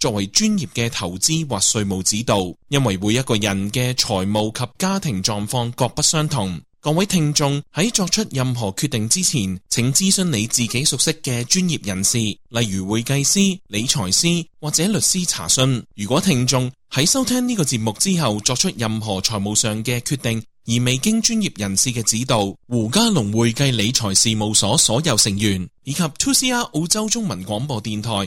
作為專業嘅投資或稅務指導，因為每一個人嘅財務及家庭狀況各不相同。各位聽眾喺作出任何決定之前，請諮詢你自己熟悉嘅專業人士，例如會計師、理財師或者律師查詢。如果聽眾喺收聽呢個節目之後作出任何財務上嘅決定，而未經專業人士嘅指導，胡嘉龍會計理財事務所所有成員以及 2CR 澳洲中文廣播電台。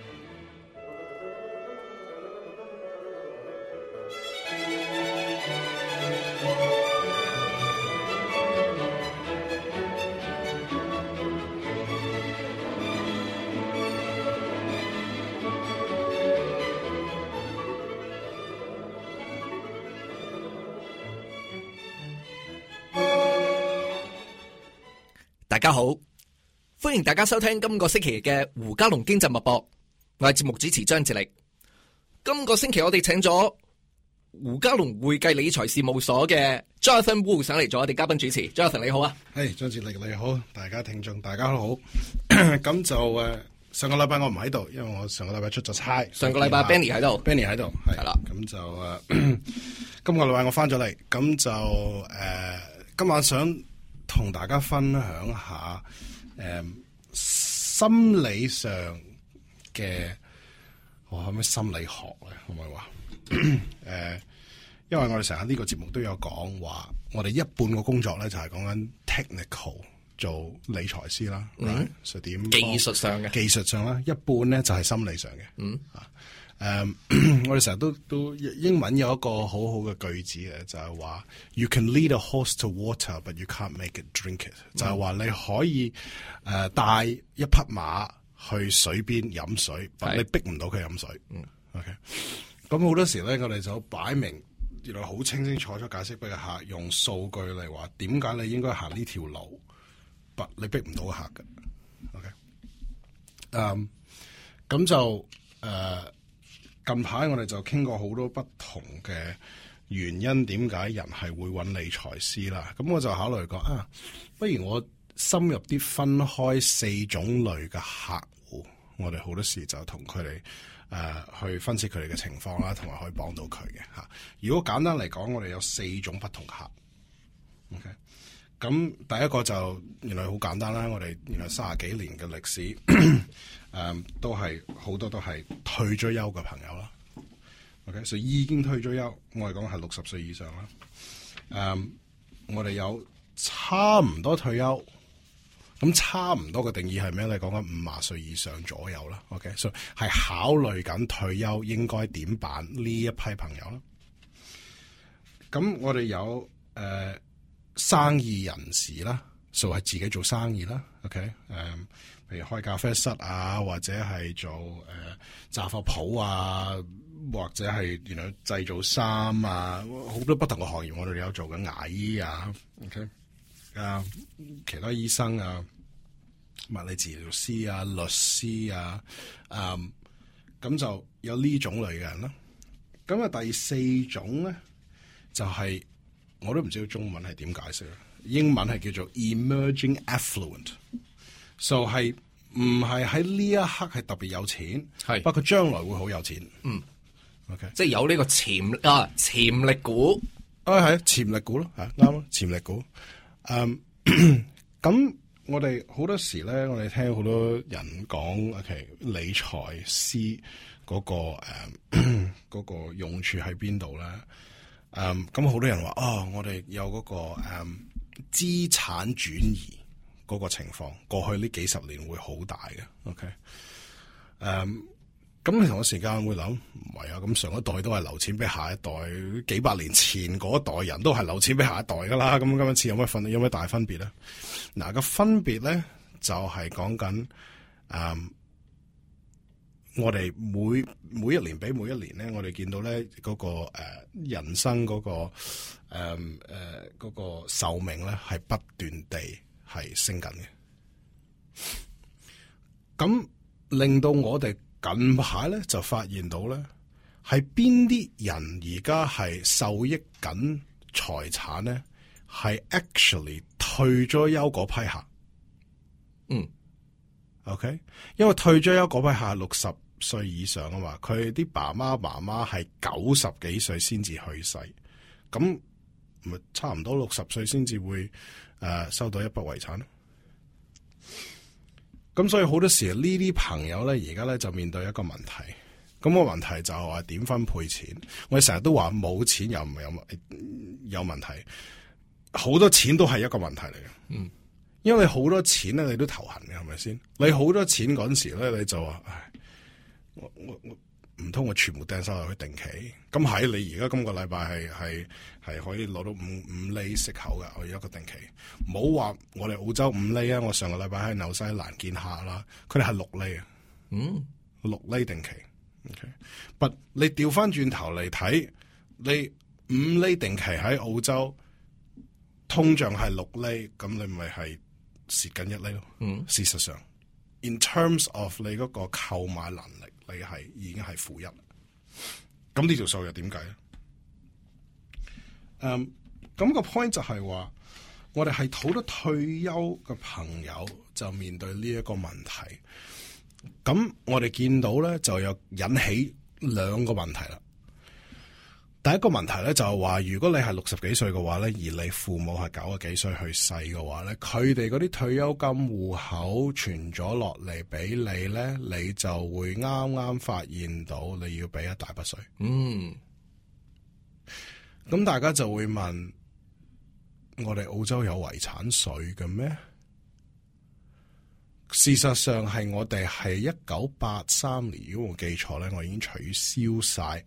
大家好，歡迎大家收聽今個星期嘅胡嘉龍經濟脈搏，我係節目主持張志力。今個星期我哋請咗胡嘉龍會計理財事務所嘅 Jonathan Wu 上嚟做我哋嘉賓主持。Jonathan 你好啊，係張志力，你好，大家聽眾大家好。咁 就誒，上個禮拜我唔喺度，因為我上個禮拜出咗差。上個禮拜 Benny 喺度，Benny 喺度係啦。咁 就誒，呃、 今個禮拜我翻咗嚟，咁就誒、呃，今晚想。同大家分享下，誒、呃，心理上嘅我可唔可以心理學咧？可唔可以話？誒、 呃，因為我哋成日呢個節目都有講話，我哋一半嘅工作咧就係講緊 technical 做理財師啦，就點、嗯 right? so, 技術上嘅技術上啦，一半咧就係、是、心理上嘅，嗯啊。誒、um, 我哋成日都都英文有一個好好嘅句子咧，就係、是、話，You can lead a horse to water，but you can't make it drink it。Mm hmm. 就係話你可以誒帶、呃、一匹馬去水邊飲水，是但你逼唔到佢飲水。OK 咁好多時咧，我哋就擺明原來好清清楚楚解釋俾個客，用數據嚟話點解你應該行呢條路，不你逼唔到客嘅。OK、um,。嗯，咁就誒。近排我哋就傾過好多不同嘅原因，點解人係會揾理財師啦？咁我就考慮過啊，不如我深入啲分開四種類嘅客戶，我哋好多時就同佢哋誒去分析佢哋嘅情況啦，同埋可以幫到佢嘅嚇。如果簡單嚟講，我哋有四種不同客，OK？咁第一個就原來好簡單啦，我哋原來三十幾年嘅歷史。 誒，um, 都係好多都係退咗休嘅朋友啦。OK，所、so, 以已經退咗休，我哋講係六十歲以上啦。誒、um,，我哋有差唔多退休，咁差唔多嘅定義係咩咧？講緊五啊歲以上左右啦。OK，所以係考慮緊退休應該點辦呢一批朋友啦。咁我哋有誒、呃、生意人士啦，so 係自己做生意啦。OK，誒、um,。譬如開咖啡室啊，或者係做誒雜貨鋪啊，或者係原來製造衫啊，好多不同嘅行業，我哋有做緊牙醫啊，OK 啊，其他醫生啊，物理治療師啊，律師啊，啊，咁就有呢種類嘅人咯。咁啊，第四種咧，就係、是、我都唔知道中文係點解釋，英文係叫做 Emerging Affluent，就係唔係喺呢一刻係特別有錢，係不過將來會好有錢。嗯，OK，即係有呢個潛啊潛力股啊係潛力股咯，吓啱啊潛力股。嗯、啊，咁、um, 我哋好多時咧，我哋聽好多人講，OK，理財師嗰個誒、um, 嗰個用處喺邊度咧？嗯，咁好多人話哦，我哋有嗰、嗰個誒、um, 資產轉移。嗰個情況過去呢幾十年會好大嘅，OK？誒，咁你同個時間會諗唔係啊？咁上一代都係留錢俾下一代，幾百年前嗰一代人都係留錢俾下一代噶啦。咁今次有咩分有咩大分別咧？嗱、嗯，那個分別咧就係講緊誒，um, 我哋每每一年比每一年咧，我哋見到咧嗰、那個誒、呃、人生嗰、那個誒誒、呃呃那個壽命咧係不斷地。係升緊嘅，咁令到我哋近排咧就發現到咧，係邊啲人而家係受益緊財產咧？係 actually 退咗休嗰批客，嗯，OK，因為退咗休嗰批客係六十歲以上啊嘛，佢啲爸爸媽媽係九十幾歲先至去世，咁。咪差唔多六十歲先至會誒、呃、收到一筆遺產咯，咁所以好多時呢啲朋友咧，而家咧就面對一個問題，咁個問題就係點分配錢？我哋成日都話冇錢又唔係有問有問題，好多錢都係一個問題嚟嘅。嗯，因為好多錢咧你都頭痕嘅係咪先？你好多錢嗰陣時咧你就話，我我我。我唔通我全部掟晒落去定期？咁係你而家今個禮拜係係係可以攞到五五厘息口嘅，我而家個定期。冇話我哋澳洲五厘啊！我上個禮拜喺紐西蘭見客啦，佢哋係六厘啊，嗯，mm. 六厘定期。OK，but 你調翻轉頭嚟睇，你五厘定期喺澳洲，通脹係六厘，咁你咪係蝕緊一厘咯。嗯，mm. 事實上，in terms of 你個購買能力。你係已經係負一，咁呢條數又點計咧？嗯，咁個 point 就係話，我哋係好多退休嘅朋友就面對呢一個問題，咁我哋見到咧，就有引起兩個問題啦。第一個問題咧就係話，如果你係六十幾歲嘅話咧，而你父母係九啊幾歲去世嘅話咧，佢哋嗰啲退休金戶口存咗落嚟俾你咧，你就會啱啱發現到你要俾一大筆稅。嗯，咁大家就會問我哋澳洲有遺產稅嘅咩？事實上係我哋係一九八三年，如果我記錯咧，我已經取消晒。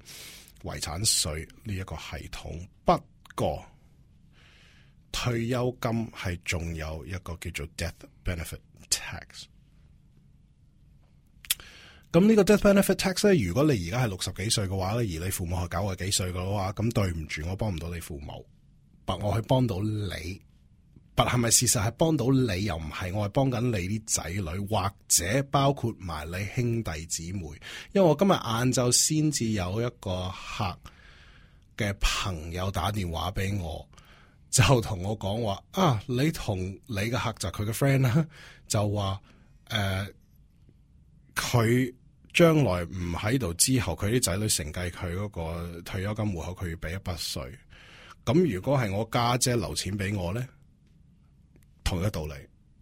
遺產稅呢一個系統，不過退休金係仲有一個叫做 Death Benefit Tax。咁呢個 Death Benefit Tax 咧,如果你而家係六十幾歲嘅話咧,而你父母係九十幾歲嘅話,咁對唔住,我幫唔到你父母,但我去幫到你。是不係咪事實係幫到你又唔係？我係幫緊你啲仔女，或者包括埋你兄弟姊妹。因為我今日晏晝先至有一個客嘅朋友打電話俾我，就同我講話啊，你同你嘅客就佢嘅 friend 啦，就話、是、誒，佢將、呃、來唔喺度之後，佢啲仔女承繼佢嗰個退休金戶口，佢要俾一筆稅。咁如果係我家姐,姐留錢俾我咧？同一道理，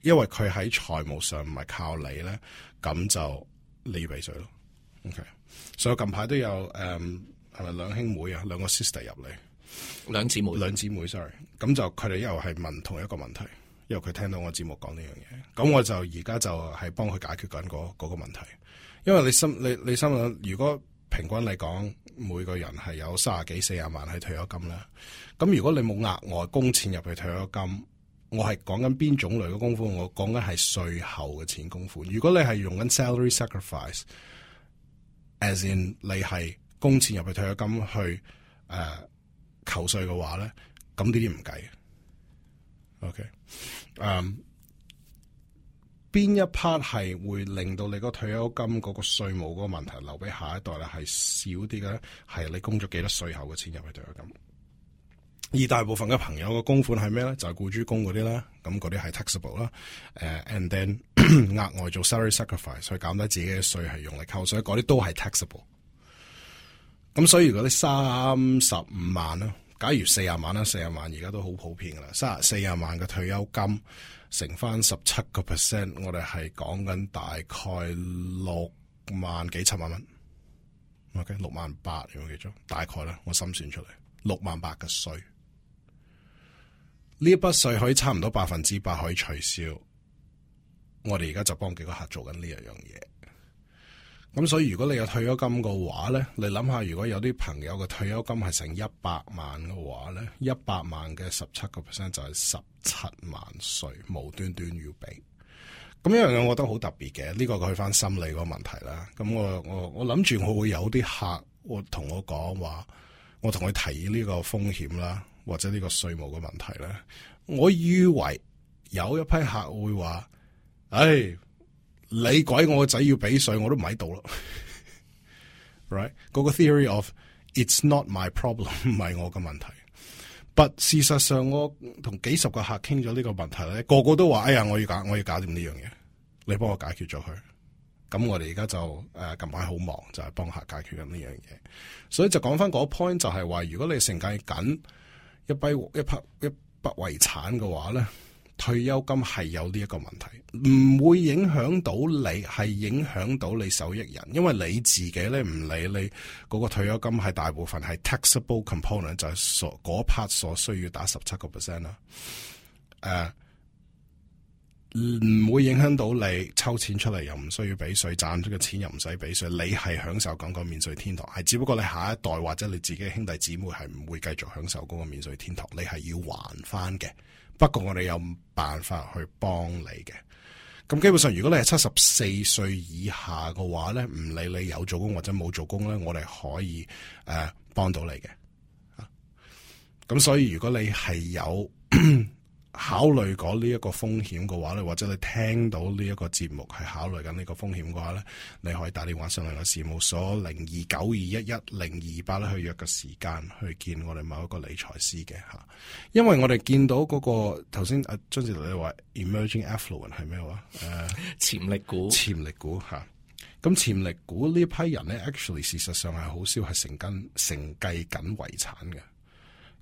因為佢喺財務上唔係靠你咧，咁就你尾水咯。OK，所以近排都有誒，係咪兩兄妹啊，兩個 sister 入嚟，兩姊妹，兩姊妹，sorry，咁就佢哋一又係問同一個問題，因為佢聽到我節目講呢樣嘢，咁我就而家就係幫佢解決緊嗰嗰個問題。因為你心你你心諗，如果平均嚟講，每個人係有三十幾四十萬係退休金啦，咁如果你冇額外供錢入去退休金。我係講緊邊種類嘅功夫，我講緊係稅後嘅錢功夫。如果你係用緊 salary sacrifice，as in 你係供錢入去退休金去誒扣稅嘅話咧，咁呢啲唔計。OK，誒，邊一 part 係會令到你個退休金嗰個稅務嗰個問題留俾下一代咧係少啲嘅咧？係你供咗幾多稅後嘅錢入去退休金？而大部分嘅朋友嘅供款係咩咧？就係、是、僱主供嗰啲啦，咁嗰啲係 taxable 啦。誒，and then 額外做 salary sacrifice 去減低自己嘅稅係用嚟扣稅，嗰啲都係 taxable。咁所以如果你三十五萬啦，假如四十萬啦，四十萬而家都好普遍噶啦，三十四十萬嘅退休金乘翻十七個 percent，我哋係講緊大概六萬幾七萬蚊。OK，六萬八咁幾多？大概啦，我心算出嚟，六萬八嘅稅。呢一筆稅可以差唔多百分之百可以取消，我哋而家就幫幾個客做緊呢一樣嘢。咁所以如果你有退休金嘅話呢，你諗下，如果有啲朋友嘅退休金係成一百萬嘅話呢，一百萬嘅十七個 percent 就係十七萬稅，無端端要俾。咁一樣嘢我覺得好特別嘅。呢個去翻心理嗰個問題啦。咁我我我諗住我會有啲客會同我講話，我同佢提呢個風險啦。或者呢個稅務嘅問題咧，我以為有一批客會話，唉、哎，你鬼我個仔要俾稅，我都唔喺度啦。 Right，嗰個 theory of it's not my problem 唔係 我嘅問題。But 事實上，我同幾十個客傾咗呢個問題咧，個個都話，哎呀，我要搞，我要搞掂呢樣嘢，你幫我解決咗佢。咁我哋而家就誒、呃、近排好忙，就係、是、幫客解決緊呢樣嘢。所以就講翻嗰個 point，就係話，如果你承繼緊一筆一匹一筆遺產嘅話咧，退休金係有呢一個問題，唔會影響到你，係影響到你受益人，因為你自己咧，唔理你嗰個退休金係大部分係 taxable component，就係所 part 所需要打十七個 percent 啊。呃唔會影響到你抽錢出嚟，又唔需要俾稅，賺咗嘅錢又唔使俾稅，你係享受嗰個免稅天堂。係只不過你下一代或者你自己兄弟姊妹係唔會繼續享受嗰個免稅天堂，你係要還翻嘅。不過我哋有辦法去幫你嘅。咁基本上，如果你係七十四歲以下嘅話呢，唔理你有做工或者冇做工呢，我哋可以誒、呃、幫到你嘅。咁所以如果你係有。 考慮過呢一個風險嘅話咧，或者你聽到呢一個節目係考慮緊呢個風險嘅話咧，你可以打電話上嚟個事務所零二九二一一零二八，咧去約個時間去見我哋某一個理財師嘅吓。因為我哋見到嗰、那個頭先阿張志達你話 emerging affluent 係咩話誒潛、呃、力股潛力股吓。咁潛力股呢一批人咧，actually 事實上係好少係承跟承繼緊遺產嘅，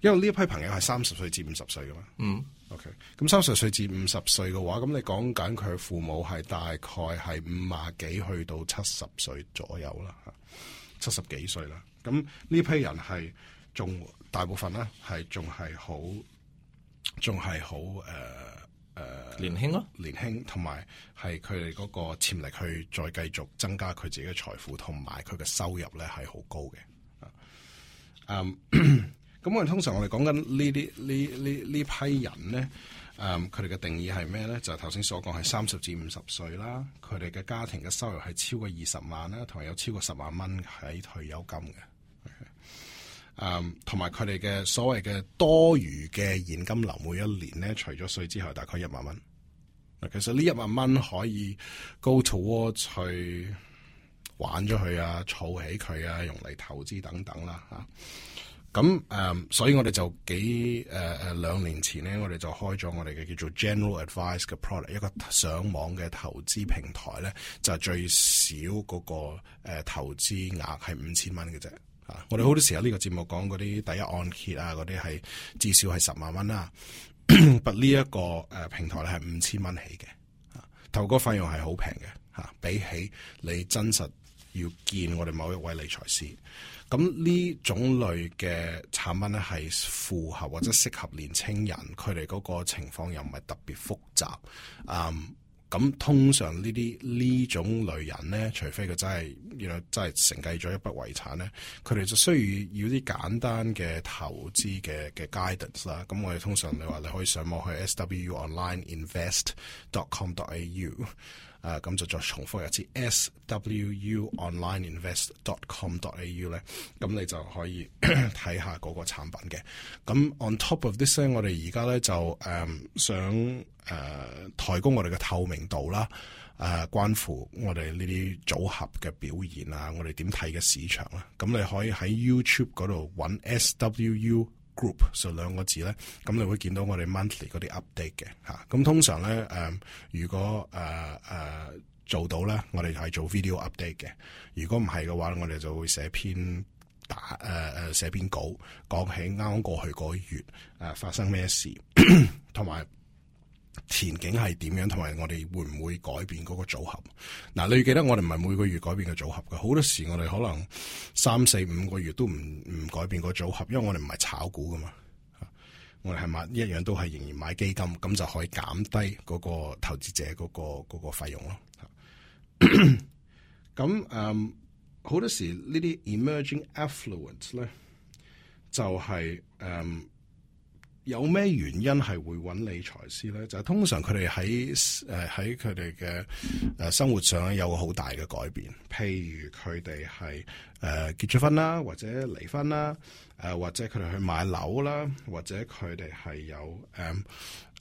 因為呢一批朋友係三十歲至五十歲噶嘛，嗯。OK，咁三十歲至五十歲嘅話，咁你講緊佢父母係大概係五廿幾去到七十歲左右啦，嚇，七十幾歲啦。咁呢批人係仲大部分咧，係仲係好，仲係好誒誒年輕咯、啊，年輕同埋係佢哋嗰個潛力去再繼續增加佢自己嘅財富同埋佢嘅收入咧係好高嘅。嗯、um。 咁我哋通常我哋講緊呢啲呢呢呢批人咧，誒佢哋嘅定義係咩咧？就係頭先所講係三十至五十歲啦，佢哋嘅家庭嘅收入係超過二十萬啦，同埋有超過十萬蚊喺退休金嘅，誒同埋佢哋嘅所謂嘅多餘嘅現金流每一年咧，除咗稅之後大概一萬蚊。嗱，其實呢一萬蚊可以 go to what 去玩咗佢啊，儲起佢啊，用嚟投資等等啦、啊，嚇、啊。咁誒、嗯，所以我哋就幾誒誒、呃、兩年前咧，我哋就開咗我哋嘅叫做 General Advice 嘅 product，一個上網嘅投資平台咧，就是、最少嗰、那個、呃、投資額係五千蚊嘅啫。啊，我哋好多時喺呢個節目講嗰啲第一按揭啊嗰啲係至少係十萬蚊啦、啊， 但呢一個誒平台咧係五千蚊起嘅、啊，投個費用係好平嘅嚇，比起你真實要見我哋某一位理財師。咁呢種類嘅產品咧係符合或者適合年輕人，佢哋嗰個情況又唔係特別複雜，嗯、um。咁通常呢啲呢種類人咧，除非佢真係，如果, you know, 真係承繼咗一筆遺產咧，佢哋就需要啲簡單嘅投資嘅嘅 guidance 啦。咁、嗯、我哋通常你話你可以上網去 S W Online Invest dot com dot A U 啊，咁、嗯、就再重複一次 S W Online Invest dot com dot A U 咧、嗯，咁你就可以睇 下嗰個產品嘅。咁、嗯、on top of this 咧，我哋而家咧就誒、um, 想。誒，提供、呃、我哋嘅透明度啦，誒、呃，關乎我哋呢啲組合嘅表現啊，我哋點睇嘅市場咧，咁、啊嗯、你可以喺 YouTube 嗰度揾 SWU Group 就兩個字咧，咁、嗯、你會見到我哋 monthly 嗰啲 update 嘅吓，咁、啊嗯、通常咧，誒、啊，如果誒誒、啊啊、做到咧，我哋係做 video update 嘅，如果唔係嘅話，我哋就會寫篇打誒寫、呃、篇稿，講起啱過去個月誒、啊、發生咩事，同埋前景係點樣，同埋我哋會唔會改變嗰個組合？嗱、啊，你記得我哋唔係每個月改變個組合嘅，好多時我哋可能三四五個月都唔唔改變個組合，因為我哋唔係炒股噶嘛，我哋係咪一樣都係仍然買基金，咁就可以減低嗰個投資者嗰、個嗰、個費用咯。咁誒，好、 um, 多時呢啲 emerging affluence 咧，就係、是、誒。Um, 有咩原因係會揾理財師咧？就係、通常佢哋喺誒喺佢哋嘅誒生活上咧，有個好大嘅改變，譬如佢哋係誒結咗婚啦，或者離婚啦，誒、呃、或者佢哋去買樓啦，或者佢哋係有誒誒、嗯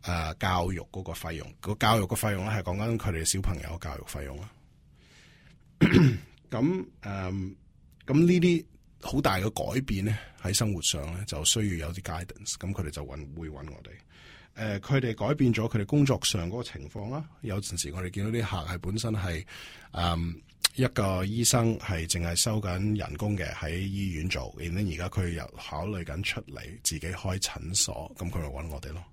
呃、教育嗰個費用，個教育嘅費用咧係講緊佢哋小朋友嘅教育費用啦。咁誒咁呢啲。 好大嘅改變咧，喺生活上咧，就需要有啲 guidance，咁佢哋就揾會揾我哋。誒、呃，佢哋改變咗佢哋工作上嗰個情況啦。有陣時我哋見到啲客係本身係，嗯，一個醫生係淨係收緊人工嘅喺醫院做，然後而家佢又考慮緊出嚟自己開診所，咁佢咪揾我哋咯。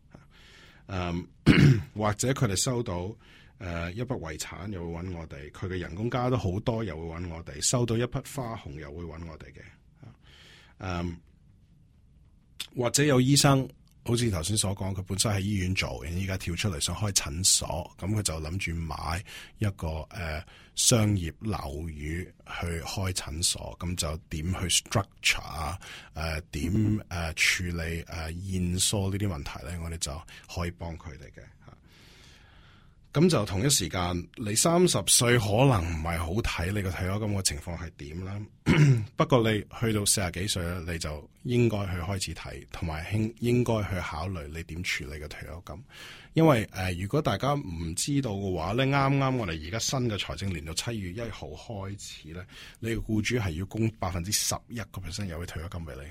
嗯， 或者佢哋收到，誒、呃，一筆遺產又會揾我哋，佢嘅人工加得好多，又會揾我哋，收到一筆花紅又會揾我哋嘅。嗯，um, 或者有醫生，好似頭先所講，佢本身喺醫院做，然後依家跳出嚟想開診所，咁佢就諗住買一個誒、呃、商業樓宇去開診所，咁就點去 structure 啊、呃？誒點誒處理誒驗疏呢啲問題咧？我哋就可以幫佢哋嘅。咁就同一時間，你三十歲可能唔係好睇你個退休金嘅情況係點啦。不過你去到四十幾歲咧，你就應該去開始睇，同埋應應該去考慮你點處理個退休金。因為誒、呃，如果大家唔知道嘅話咧，啱啱我哋而家新嘅財政年度七月一號開始咧，你個雇主係要供百分之十一個 percent 有嘅退休金俾你嘅，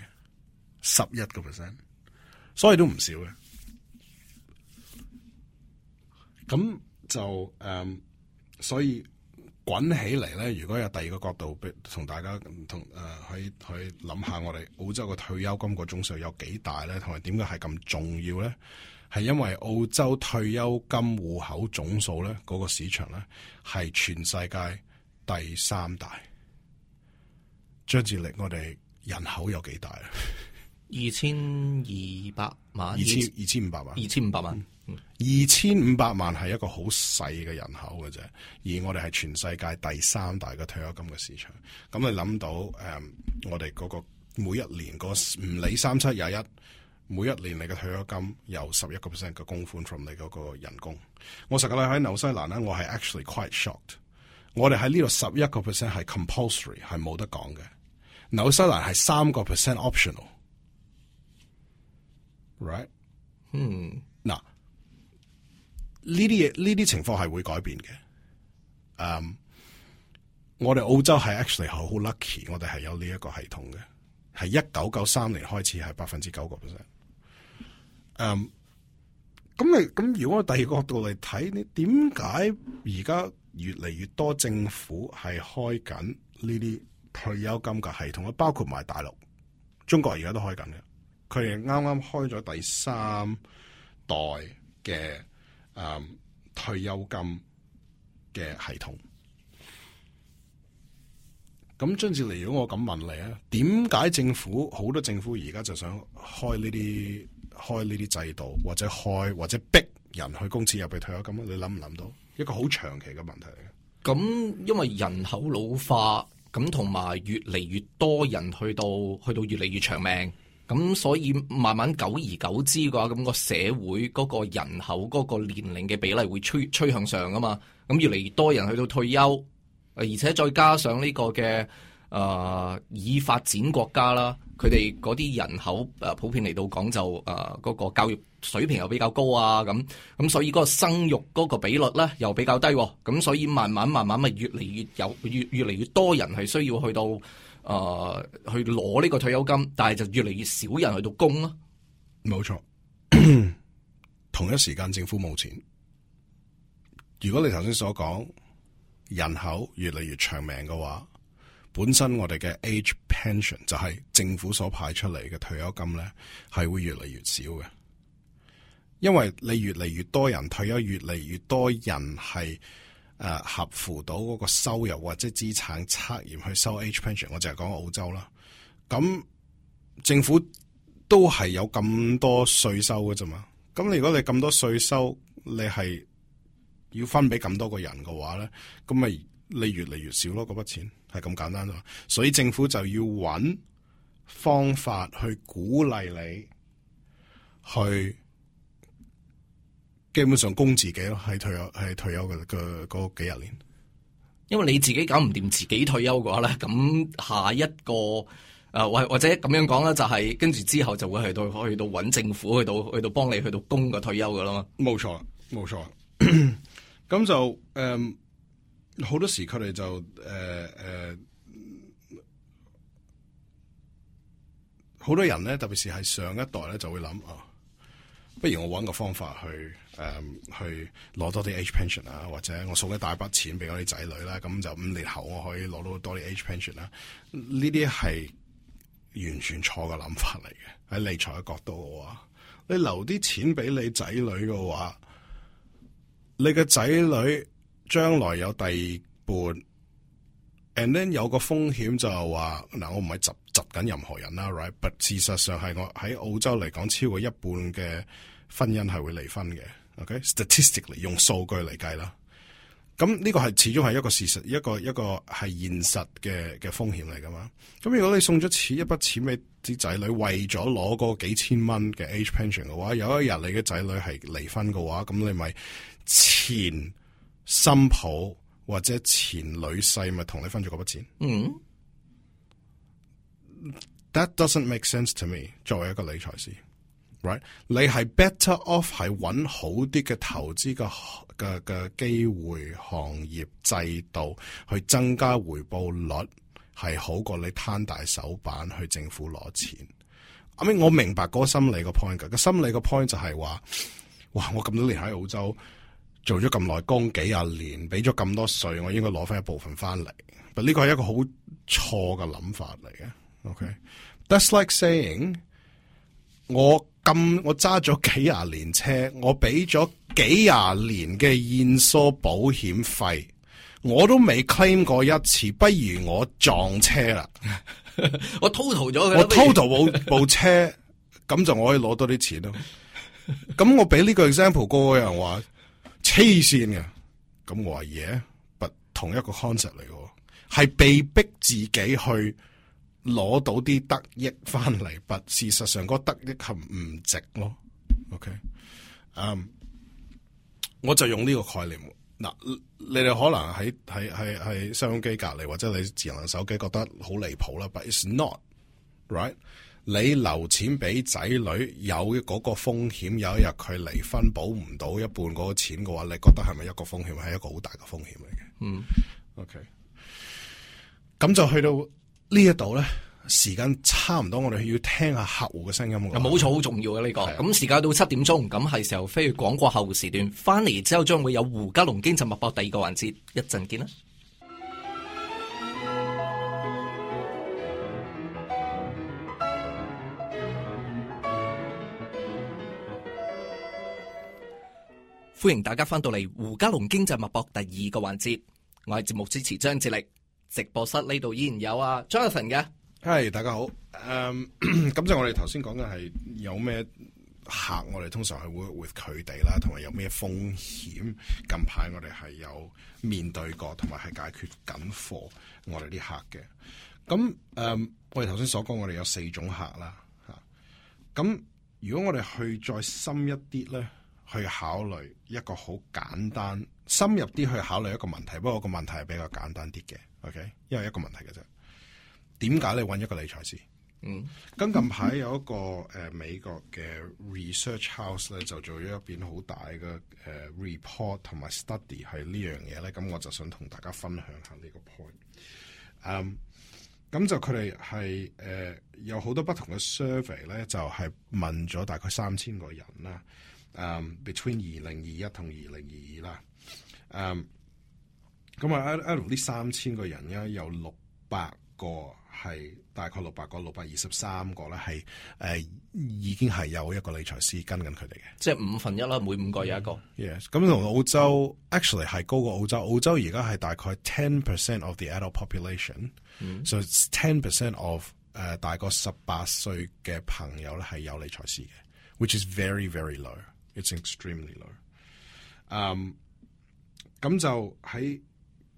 十一個 percent，所以都唔少嘅。咁就誒，um, 所以滾起嚟咧。如果有第二個角度，俾同大家同誒、呃，可以去諗下，想想我哋澳洲嘅退休金個總數有幾大咧？同埋點解係咁重要咧？係因為澳洲退休金戶口總數咧，嗰、那個市場咧係全世界第三大。張智力，我哋人口有幾大？啊， 二千二百萬，二千二千五百萬，二千五百萬。二千五百萬係一個好細嘅人口嘅啫，而我哋係全世界第三大嘅退休金嘅市場。咁、嗯、你諗到誒，um，我哋嗰個每一年嗰唔、嗰個、理三七廿一，每一年你嘅退休金有十一個 percent 嘅供款 from 你嗰個人工。我實際喺紐西蘭咧，我係 actually quite shocked 我。我哋喺呢度十一個 percent 係 compulsory 係冇得講嘅，紐西蘭係三個 percent optional，right？嗯。Optional. Right? Hmm. .呢啲嘢，呢啲情況係會改變嘅。嗯，um，我哋澳洲係 actually 好 lucky，我哋係有呢一個系統嘅，係一九九三年開始係百分之九個 percent。咁，um，你，咁如果我第二個角度嚟睇，你點解而家越嚟越多政府係開緊呢啲退休金嘅系統啊？包括埋大陸、中國而家都開緊嘅，佢哋啱啱開咗第三代嘅。啊！Um, 退休金嘅系統，咁張志玲，如果我咁問你咧，點解政府好多政府而家就想開呢啲開呢啲制度，或者開或者逼人去公司入去退休金？你諗唔諗到一個好長期嘅問題嚟嘅？咁因為人口老化，咁同埋越嚟越多人去到去到越嚟越長命。咁所以慢慢久而久之嘅話，咁、個社會，個人口嗰個年齡嘅比例會趨趨向上啊嘛。咁越嚟越多人去到退休，誒而且再加上呢個嘅誒已發展國家啦，佢哋嗰啲人口誒、呃、普遍嚟到講就誒嗰、呃嗰個教育水平又比較高啊咁，咁所以嗰個生育嗰個比率咧又比較低、啊，咁所以慢慢慢慢咪越嚟越有越越嚟越多人係需要去到。誒、呃，去攞呢個退休金，但係就越嚟越少人去到供咯。冇錯， 同一時間政府冇錢。如果你頭先所講人口越嚟越長命嘅話，本身我哋嘅 age pension 就係政府所派出嚟嘅退休金咧，係會越嚟越少嘅，因為你越嚟越多人退休，越嚟越多人係。誒，uh, 合乎到嗰個收入或者資產測驗去收 Age Pension，我就係講澳洲啦。咁政府都係有咁多稅收嘅啫嘛。咁你如果你咁多稅收，你係要分俾咁多個人嘅話咧，咁咪你越嚟越少咯。嗰筆錢係咁簡單啊嘛，所以政府就要揾方法去鼓勵你去。基本上供自己咯，喺退休喺退休嘅、那個嗰幾廿年。因為你自己搞唔掂自己退休嘅話咧，咁下一個誒、呃，或或者咁樣講咧、就是，就係跟住之後就會去到去到揾政府，去到去到幫你去到供個退休噶啦嘛。冇錯，冇錯。咁 就誒，好、嗯、多時佢哋就誒誒，好、呃呃、多人咧，特別是係上一代咧，就會諗啊。哦。不如我揾個方法去誒、嗯、去攞多啲 age pension 啊，或者我送一大筆錢俾我啲仔女啦，咁就五年後我可以攞到多啲 age pension 啦。呢啲係完全錯嘅諗法嚟嘅，喺理財嘅角度嘅話，你留啲錢俾你仔女嘅話，你嘅仔女將來有第二伴。And then，有個風險就係話嗱，我唔係窒窒緊任何人啦，right？但事實上係我喺澳洲嚟講，超過一半嘅婚姻係會離婚嘅。OK，statistically、okay? 用數據嚟計啦。咁、嗯、呢、這個係始終係一個事實，一個一個係現實嘅嘅風險嚟噶嘛。咁、嗯、如果你送咗錢一筆錢俾啲仔女，為咗攞嗰幾千蚊嘅 Age Pension 嘅話，有一日你嘅仔女係離婚嘅話，咁你咪前新抱。或者前女婿咪同你分咗嗰筆錢？嗯、mm hmm.，That doesn't make sense to me。作為一個理財師，right，你係 better off 係揾好啲嘅投資嘅嘅嘅機會、行業、制度去增加回報率，係好過你攤大手板去政府攞錢。咁樣 I mean, 我明白嗰個心理個 point 嘅，嗰個心理個 point 就係話，哇！我咁多年喺澳洲。做咗咁耐工幾十年，俾咗咁多稅，我應該攞翻一部分翻嚟，但呢個係一個好錯嘅諗法嚟嘅。OK，that's like saying 我咁我揸咗幾十年車，我俾咗幾十年嘅燕梳保險費，我都未 claim 過一次，不如我撞車啦！ 我 total 咗， 我 total 部部車，咁 就我可以攞多啲錢咯。咁 我俾呢個 example，嗰個人話。黐線嘅、啊，咁我話嘢不同一個 concept 嚟嘅，係被逼自己去攞到啲得益翻嚟，不，事實上嗰得益係唔值咯。OK，嗯、um，我就用呢個概念。嗱，你哋可能喺喺喺喺收音機隔籬，或者你智能手機覺得好離譜啦，but it's not right。你留錢俾仔女，有嗰個風險，有一日佢離婚保唔到一半嗰個錢嘅話，你覺得係咪一個風險？係一個好大嘅風險嚟嘅。嗯，OK，咁就去到呢一度咧，時間差唔多，我哋要聽下客戶嘅聲音。嗱，冇錯，好重要嘅呢個。咁時間到七點鐘，咁係時候飛去講過後時段，翻嚟之後將會有胡嘉龍經濟脈搏第二個環節，一陣見啦。歡迎大家翻到嚟胡嘉龍經濟脈搏第二個環節，我係節目主持張志力，直播室呢度依然有啊 Jonathan。Jonathan 嘅，係大家好，咁即係我哋頭先講嘅係有咩客，我哋通常係 work with 佢哋啦，同埋有咩風險，近排我哋係有面對過，同埋係解決緊貨、um,，我哋啲客嘅，咁誒，我哋頭先所講，我哋有四種客啦，吓，咁如果我哋去再深一啲咧。去考慮一個好簡單深入啲去考慮一個問題，不過個問題係比較簡單啲嘅。OK，因為一個問題嘅啫。點解你揾一個理財師？嗯，咁近排有一個誒、呃、美國嘅 research house 咧，就做咗一篇好大嘅誒 report 同埋 study 係呢樣嘢咧。咁、呃、我就想同大家分享下呢個 point。嗯，咁就佢哋係誒有好多不同嘅 survey 咧，就係、是、問咗大概三千個人啦。誒 between 二零二一同二零二二啦，誒咁啊！呢啲三千個人咧，有六百個，係大概六百個、六百二十三個咧，係誒已經係有一個理財師跟緊佢哋嘅，即係五分一啦，每五個有一個。Yes，咁同澳洲 actually 係高過澳洲，澳洲而家係大概 ten percent of the adult population，so ten percent of 誒大過十八歲嘅朋友咧係有理財師嘅，which is very very low。It's extremely low。咁就喺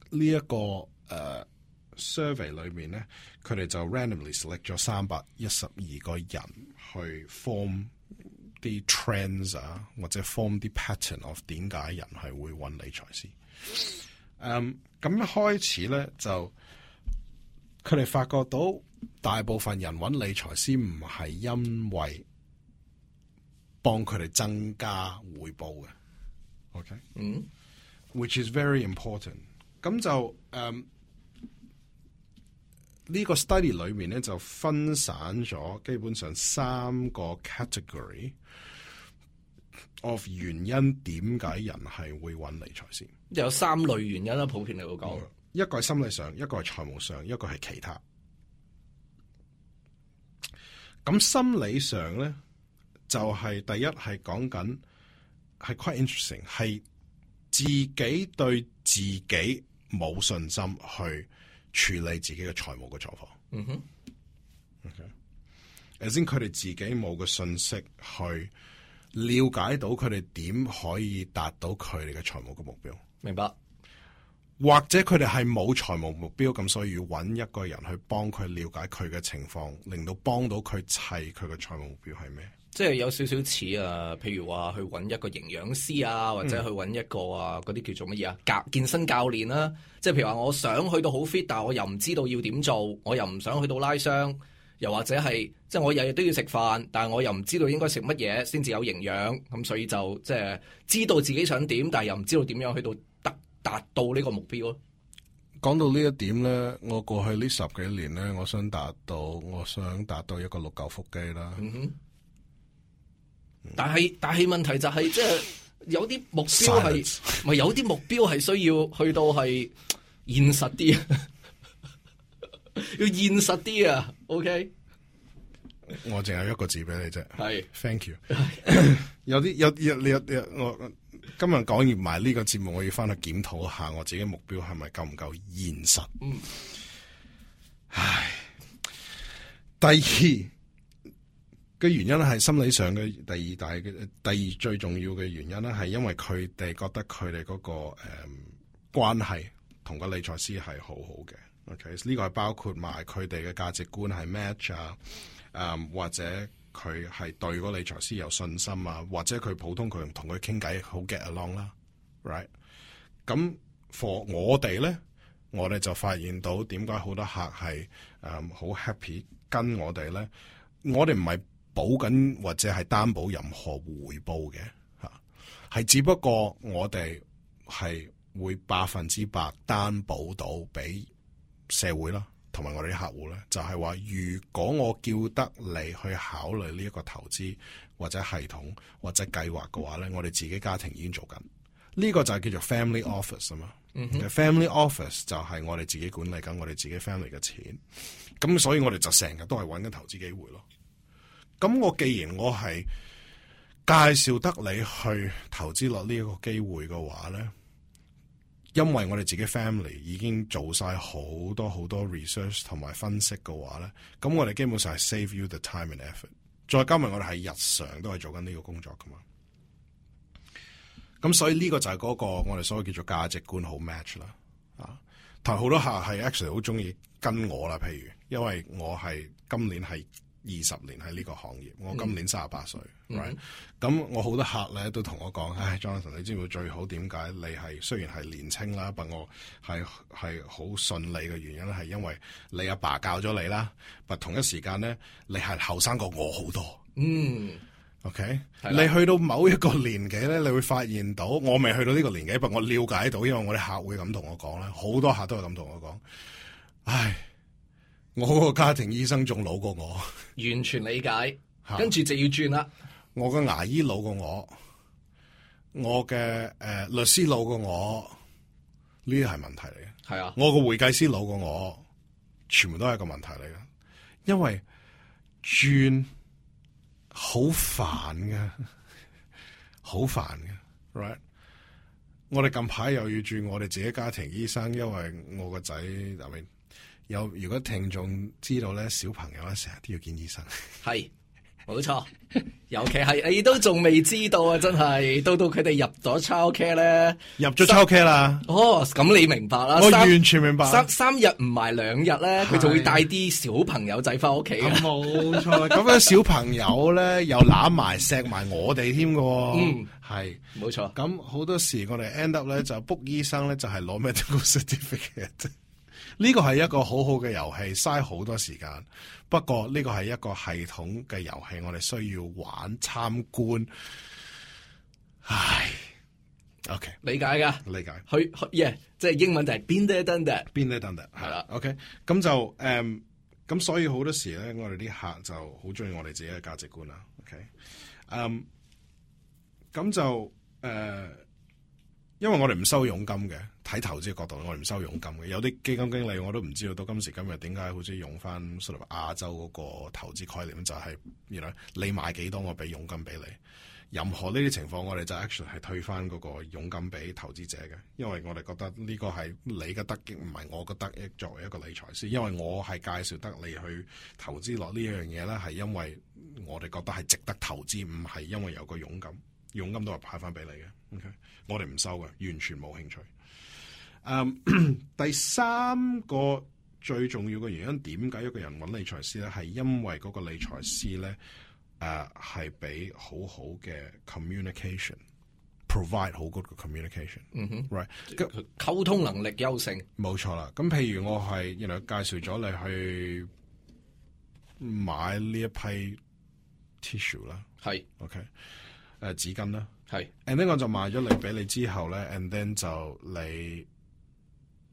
呢一個誒 survey 裏面咧，佢哋就 randomly select 咗三百一十二個人去 form 啲 trends 啊，或者 form 啲 pattern of 點解人係會揾理財師。咁一開始咧就佢哋發覺到大部分人揾理財師唔係因為幫佢哋增加回報嘅，OK，嗯、mm hmm.，which is very important。咁就誒呢個 study 裏面咧就分散咗，基本上三個 category of 原因點解人係會揾理財先？有三類原因啦，普遍嚟講，mm hmm. 一個係心理上，一個係財務上，一個係其他。咁心理上咧？就係第一係講緊係 quite interesting，係自己對自己冇信心去處理自己嘅財務嘅狀況。嗯哼、mm，OK，先佢哋自己冇個信息去了解到佢哋點可以達到佢哋嘅財務嘅目標。明白，或者佢哋係冇財務目標咁，所以要揾一個人去幫佢了解佢嘅情況，令到幫到佢砌佢嘅財務目標係咩？即係有少少似啊，譬如話去揾一個營養師啊，或者去揾一個啊，嗰啲叫做乜嘢啊？教健身教練啦、啊。即係譬如話，我想去到好 fit，但係我又唔知道要點做，我又唔想去到拉傷，又或者係即係我日日都要食飯，但係我又唔知道應該食乜嘢先至有營養。咁所以就即係知道自己想點，但係又唔知道點樣去到達達到呢個目標咯。講到呢一點呢，我過去呢十幾年呢，我想達到，我想達到一個六嚿腹肌啦。嗯哼但係但係問題就係即係有啲目標係咪 有啲目標係需要去到係現實啲， 要現實啲啊？OK，我淨係一個字俾你啫，係是 Thank you 有。有啲有有有，有，有我今日講完埋呢個節目，我要翻去檢討一下我自己目標係咪夠唔夠現實？嗯，唉，第二。嘅原因咧，係心理上嘅；第二大，大嘅第二最重要嘅原因咧，係因為佢哋覺得佢哋嗰個誒、um, 關係同個理財師係好好嘅。OK，呢個係包括埋佢哋嘅價值觀係 match 啊，誒、um, 或者佢係對個理財師有信心啊，或者佢普通佢同佢傾偈好 get along 啦、啊。Right，咁 for 我哋咧，我哋就發現到點解好多客係誒好 happy 跟我哋咧，我哋唔係。保緊或者係擔保任何回報嘅吓，係只不過我哋係會百分之百擔保到俾社會啦，同埋我哋啲客戶咧，就係話如果我叫得你去考慮呢一個投資或者系統或者計劃嘅話咧，我哋自己家庭已經做緊呢個就係叫做 family office 啊嘛、嗯、哼，family office 就係我哋自己管理緊我哋自己 family 嘅錢，咁所以我哋就成日都係揾緊投資機會咯。咁我既然我係介紹得你去投資落呢一個機會嘅話咧，因為我哋自己 family 已經做曬好多好多 research 同埋分析嘅話咧，咁我哋基本上係 save you the time and effort。再加埋我哋係日常都係做緊呢個工作噶嘛。咁所以呢個就係嗰個我哋所謂叫做價值觀好 match 啦。啊，但好多客係 actually 好中意跟我啦，譬如因為我係今年係。二十年喺呢個行業，我今年三十八歲，咁、right? mm hmm. 我好多客咧都同我講，唉，Jonathan，你知唔知最好點解你係雖然係年青啦，但係我係好順利嘅原因係因為你阿爸，爸教咗你啦。但同一時間咧，你係後生過我好多。嗯，OK，你去到某一個年紀咧，你會發現到我未去到呢個年紀，但係我了解到，因為我啲客會咁同我講咧，好多客都有咁同我講，唉。我個家庭醫生仲老過我，完全理解。 啊、跟住就要轉啦，我個牙醫老過我，我嘅誒、呃、律師老過我，呢啲係問題嚟嘅。係啊，我個會計師老過我，全部都係個問題嚟嘅。因為轉好煩嘅，好煩嘅。Right，我哋近排又要轉我哋自己家庭醫生，因為我個仔，有，如果聽眾知道咧，小朋友咧，成日都要見醫生，係冇錯。尤其係你都仲未知道啊，真係到到佢哋入咗 child care 咧，入咗 child care 啦。哦，咁你明白啦，我完全明白。三三,三日唔埋兩日咧，佢是就會帶啲小朋友仔翻屋企。冇錯，咁樣 小朋友咧又攬埋錫埋我哋添嘅。 的嗯，係冇錯。咁好錯多時我哋 end up 咧就 book 醫生咧就係攞咩證書 certificate .呢個係一個好好嘅遊戲，嘥好多時間。不過呢個係一個系統嘅遊戲，我哋需要玩參觀。唉，OK，理解噶，理解。去去、yeah, 即係英文就係 been there, done that, been there, done that. 係啦，OK。咁就誒，咁所以好多時咧，我哋啲客就好中意我哋自己嘅價值觀啦。OK，嗯、um,，咁就誒，因為我哋唔收佣金嘅。睇投資嘅角度，我哋唔收佣金嘅。有啲基金經理我都唔知道到今時今日點解好鍾意用翻。例如亞洲嗰個投資概念就係，原來你買幾多，我俾佣金俾你。任何呢啲情況，我哋就 action 係退翻嗰個佣金俾投資者嘅，因為我哋覺得呢個係你嘅得益，唔係我覺得。作為一個理財師，因為我係介紹得你去投資落呢樣嘢咧，係因為我哋覺得係值得投資，唔係因為有個佣金。佣金都係派翻俾你嘅。OK，我哋唔收嘅，完全冇興趣。第三個最重要嘅原因，點解一個人揾理財師咧？係因為嗰個理財師咧，誒係俾好好嘅 communication，provide 好 good 嘅 communication，right？溝通能力優勝，冇錯啦。咁譬如我係，原來介紹咗你去買呢一批 tissue 啦，係，OK？誒紙巾啦，係，and then 我就賣咗嚟俾你之後咧，and then 就你。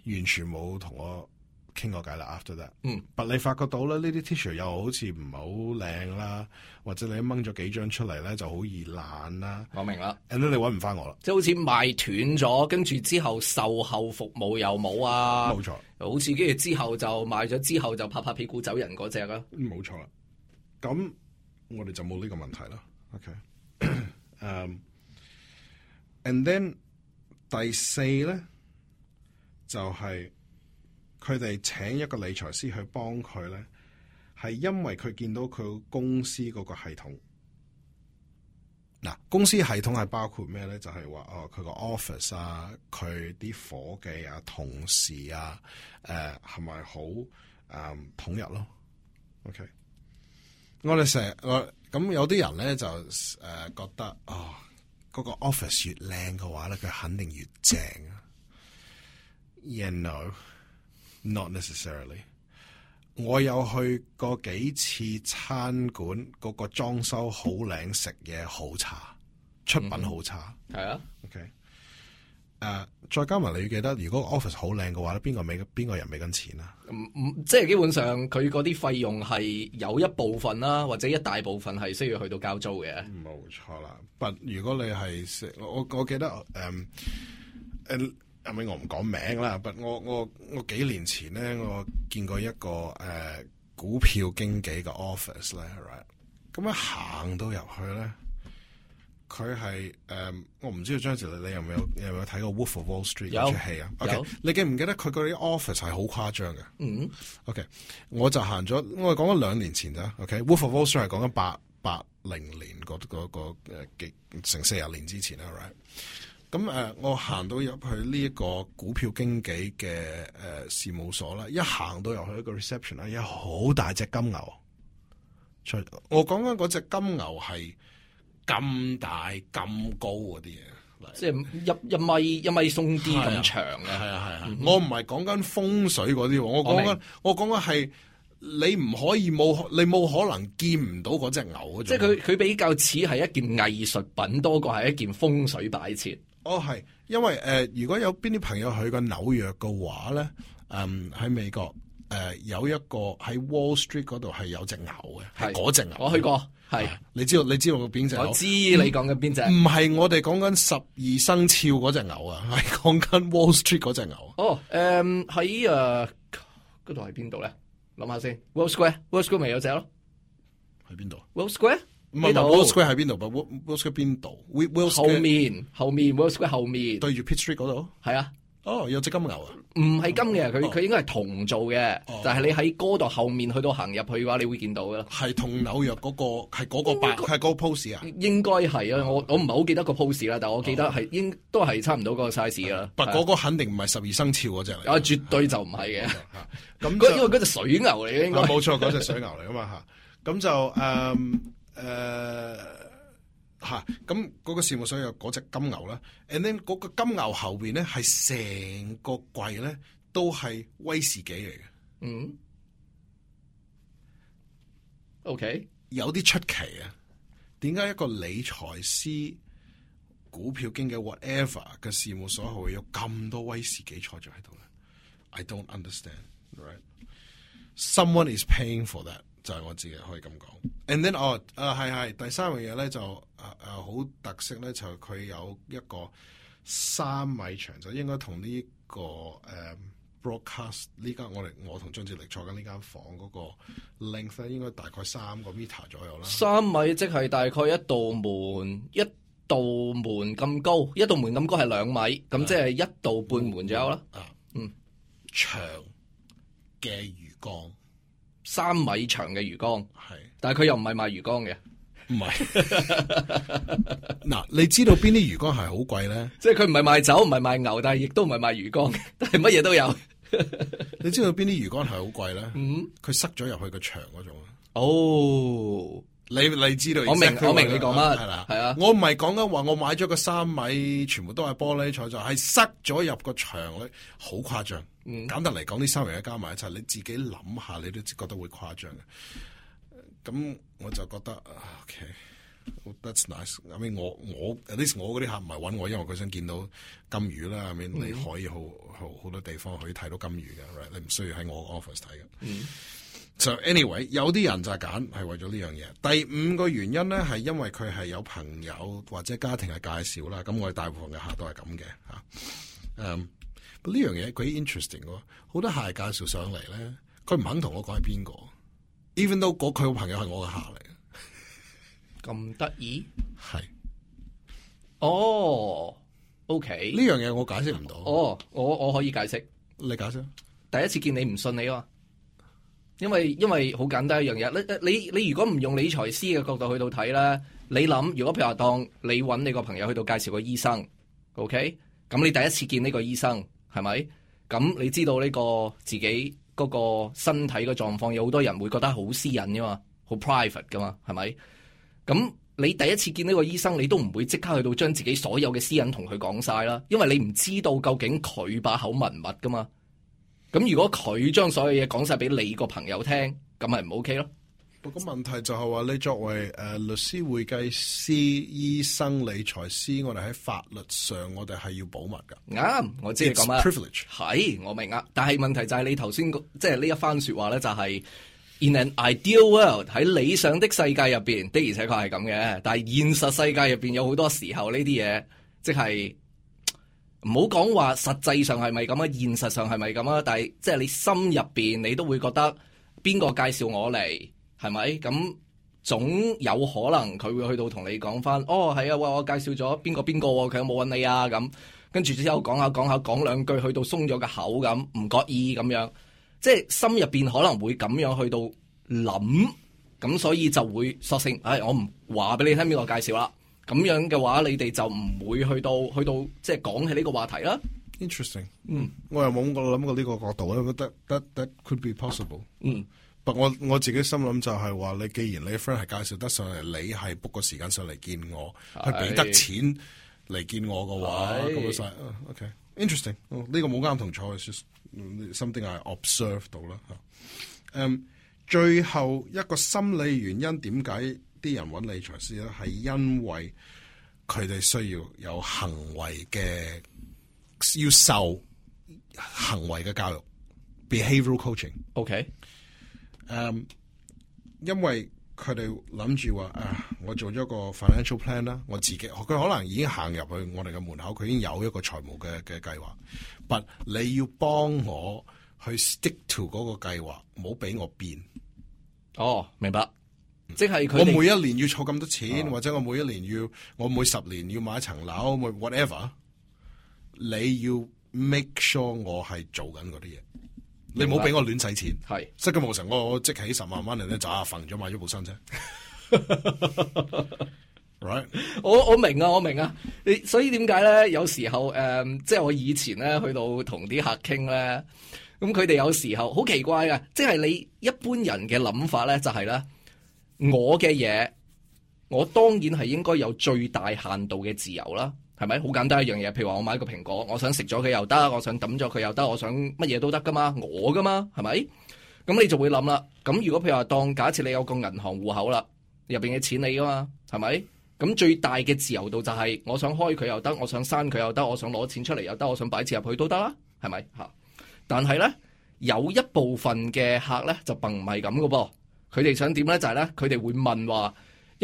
完全冇同我傾過偈啦，after that。嗯。但你發覺到咧，呢啲 tissue 又好似唔係好靚啦，或者你掹咗幾張出嚟咧就好易爛啦。我明啦。and then 你揾唔翻我啦。即係好似賣斷咗，跟住之後售後服務又冇啊。冇錯。好似跟住之後就賣咗之後就拍拍屁股走人嗰隻啦。冇錯。咁我哋就冇呢個問題啦。OK。嗯。And then 第四咧。就係佢哋請一個理財師去幫佢咧，係因為佢見到佢公司嗰個系統，嗱、啊，公司系統係包括咩咧？就係、是、話，哦，佢個 office 啊，佢啲伙計啊，同事啊，誒、呃，係咪好誒統一咯？OK，我哋成日咁有啲人咧就誒、呃、覺得，哦，嗰、那個 office 越靚嘅話咧，佢肯定越正啊。 Yeah, no, not necessarily。我有去過幾次餐館，嗰、那個裝修好靚，食嘢好差，出品好差。係啊、嗯、哼，OK。誒,再加埋你記得，如果 office 好靚嘅話咧,邊個俾邊個人俾緊錢啊？唔唔、嗯,即係基本上佢嗰啲費用係有一部分啦，或者一大部分係需要去到交租嘅。冇錯啦,不過，如果你係食我，我記得誒誒。Um, uh, 阿明 I mean，我唔講名啦，但係我我我幾年前咧，我見過一個誒、呃、股票經紀嘅 office 咧、right?，咁樣行到入去咧，佢係誒，我唔知道張哲你，你有冇有冇睇過 Wolf of Wall Street 嗰出戲啊？有，你記唔記得佢嗰啲 office 係好誇張嘅？OK 我就行咗，我哋講咗兩年前咋，OK，Wolf、okay? of Wall Street 係講緊八八零年嗰嗰個誒幾成四十年之前啦 r、right? 咁誒、嗯，我行到入去呢一個股票經紀嘅誒、呃、事務所啦，一行到入去一個 reception 啦，有好大隻金牛出。我講緊嗰隻金牛係咁大咁高嗰啲嘢，即係一一米一米鬆啲咁長嘅。係啊係啊，啊啊啊嗯、哼我唔係講緊風水嗰啲喎，我講緊我講緊係你唔可以冇，你冇可能見唔到嗰隻牛。即係佢佢比較似係一件藝術品多過係一件風水擺設。哦，係，因為誒、呃，如果有邊啲朋友去過紐約嘅話咧，嗯，喺美國誒、呃，有一個喺 Wall Street 嗰度係有隻牛嘅，係嗰隻牛。我去過，係是是，你知道你知道邊隻？嗯、我知你講緊邊隻？唔係我哋講緊十二生肖嗰隻牛啊，係講緊 Wall Street 嗰隻牛。隻牛哦，誒、嗯，喺誒嗰度係邊度咧？諗下先，Wall Square，Wall Square 咪 Square 有隻咯，喺邊度？Wall Square。唔係，但 World Square 喺邊度？World Square 邊度？World Square 後面，後面 World Square 後面，對住 Pitt Street 嗰度。係啊，哦，有隻金牛啊。唔係金嘅，佢佢應該係銅做嘅，但係你喺歌度後面去到行入去嘅話，你會見到噶啦。係同紐約嗰個，係嗰個白，係嗰個 pose 啊？應該係啊，我我唔係好記得個 pose 啦，但係我記得係應都係差唔多嗰個 size 啊！啦。唔係，嗰個肯定唔係十二生肖嗰隻。啊，絕對就唔係嘅。吓，咁因為嗰隻水牛嚟嘅，我冇錯，嗰隻水牛嚟噶嘛吓。咁就嗯。誒，吓咁，嗰個事務所有嗰隻金牛啦 a n d then 嗰個金牛後邊咧係成個櫃咧都係威士忌嚟嘅。嗯、mm hmm.，OK，有啲出奇啊！點解一個理財師、股票經紀 whatever 嘅事務所後有咁多威士忌坐咗喺度咧？I don't understand. Right, someone is paying for that. 就係我自己可以咁講，and then 哦，啊係係，第三樣嘢咧就啊啊好特色咧就係佢有一個三米長，就應該同呢個誒 broadcast 呢間我哋我同張哲力坐緊呢間房嗰個 length 咧，應該大概三個 meter 左右啦。三米即係大概一道門一道門咁高，一道門咁高係兩米，咁的即係一道半門左右啦、啊。啊嗯，長嘅魚缸。三米長嘅魚缸，係，但係佢又唔係賣魚缸嘅，唔係。嗱、嗯哦，你知道邊啲魚缸係好貴咧？即係佢唔係賣酒，唔係賣牛，但係亦都唔係賣魚缸，嘅，但係乜嘢都有。你知道邊啲魚缸係好貴咧？嗯，佢塞咗入去個牆嗰種。哦，你你知道？我明，exactly、我明你講乜？係啦，係啊。我唔係講緊話，我買咗個三米，全部都係玻璃彩磚，係塞咗入個牆咧，好誇張。簡單嚟講，呢三樣嘢加埋一齊，你自己諗下，你都覺得會誇張嘅。咁我就覺得，OK，That's nice。咁樣我我，呢我嗰啲客唔係揾我，因為佢想見到金魚啦。咁樣 I mean, mm hmm. 你可以好好好多地方可以睇到金魚嘅，right? 你唔需要喺我 office 睇嘅。就 mm hmm. So anyway，有啲人就係揀係為咗呢樣嘢。第五個原因咧，係因為佢係有朋友或者家庭嘅介紹啦。咁我哋大部分嘅客都係咁嘅吓，誒，um. 呢樣嘢佢 interesting 喎，好多客介紹上嚟咧，佢唔肯同我講係邊個。Even though 佢個朋友係我個客嚟，咁得意係哦。 是 oh, OK，呢樣嘢我解釋唔到。哦、oh，我我可以解釋。你解釋。第一次見你唔信你啊、哦，因為因為好簡單一樣嘢。你你你如果唔用理財師嘅角度去到睇咧，你諗如果譬如話當你搵你個朋友去到介紹個醫生，OK，咁你第一次見呢個醫生。係咪？咁你知道呢個自己嗰個身體嘅狀況，有好多人會覺得好私隱噶嘛，好 private 噶嘛，係咪？咁你第一次見呢個醫生，你都唔會即刻去到將自己所有嘅私隱同佢講晒啦，因為你唔知道究竟佢把口密唔密噶嘛。咁如果佢將所有嘢講晒俾你個朋友聽，咁咪唔 OK 咯。個個問題就係話，你作為誒、uh, 律師、會計師、醫生、理財師，我哋喺法律上，我哋係要保密噶。啱，嗯，我知講啦，privilege 係我明啊。但係問題就係你頭先即係呢一番說話咧，就係、是、in an ideal world，喺理想的世界入邊的，的而且確係咁嘅。但係現實世界入邊有好多時候呢啲嘢，即係唔好講話，實際上係咪咁啊？現實上係咪咁啊？但係即係你心入邊，你都會覺得邊個介紹我嚟？係咪咁？總有可能佢會去到同你講翻哦，係、oh，啊，喂，我介紹咗邊個邊個，佢有冇揾你啊？咁跟住之後講下講下講兩句，去到鬆咗個口咁，唔覺意咁樣，即係心入邊可能會咁樣去到諗，咁所以就會索性，唉，我唔話俾你聽邊個介紹啦。咁樣嘅話，你哋就唔會去到去到即係講起呢個話題啦。Interesting，嗯，我又冇我諗過呢個角度啊，我覺得 t that could be possible，嗯。不，我我自己心諗就係話，你既然你 friend 係介紹得上嚟，你係 book 個時間上嚟見我，佢俾 Hey. 得錢嚟見我嘅話，咁 Hey. 就 OK，interesting、是。呢個冇啱同錯 just something I observe 到啦吓。嗯，最後一個心理原因點解啲人揾理財師咧，係因為佢哋需要有行為嘅要受行為嘅教育，behavioral coaching。Beh Co OK。誒，um, 因為佢哋諗住話啊，我做咗個 financial plan 啦，我自己佢可能已經行入去我哋嘅門口，佢已經有一個財務嘅嘅計劃。But 你要幫我去 stick to 嗰個計劃，唔好俾我變。哦，oh, 明白。嗯，即係我每一年要儲咁多錢，oh. 或者我每一年要我每十年要買一層樓，whatever。你要 make sure 我係做緊嗰啲嘢。你唔好俾我亂使錢，係是，積冇成我即起十萬蚊嚟咧，就啊馴瞓咗買咗部新車 ，right？我我明啊，我明啊，你所以點解咧？有時候誒、嗯，即係我以前咧去到同啲客傾咧，咁佢哋有時候好奇怪嘅，即係你一般人嘅諗法咧，就係、是、咧，我嘅嘢，我當然係應該有最大限度嘅自由啦。係咪好簡單一樣嘢？譬如話我買一個蘋果，我想食咗佢又得，我想抌咗佢又得，我想乜嘢都得噶嘛，我噶嘛，係咪？咁你就會諗啦。咁如果譬如話當假設你有個銀行戶口啦，入邊嘅錢你噶嘛，係咪？咁最大嘅自由度就係我想開佢又得，我想刪佢又得，我想攞錢出嚟又得，我想擺錢入去都得啦，係咪？吓，但係呢，有一部分嘅客呢，就並唔係咁噶噃，佢哋想點呢？就係呢，佢哋會問話。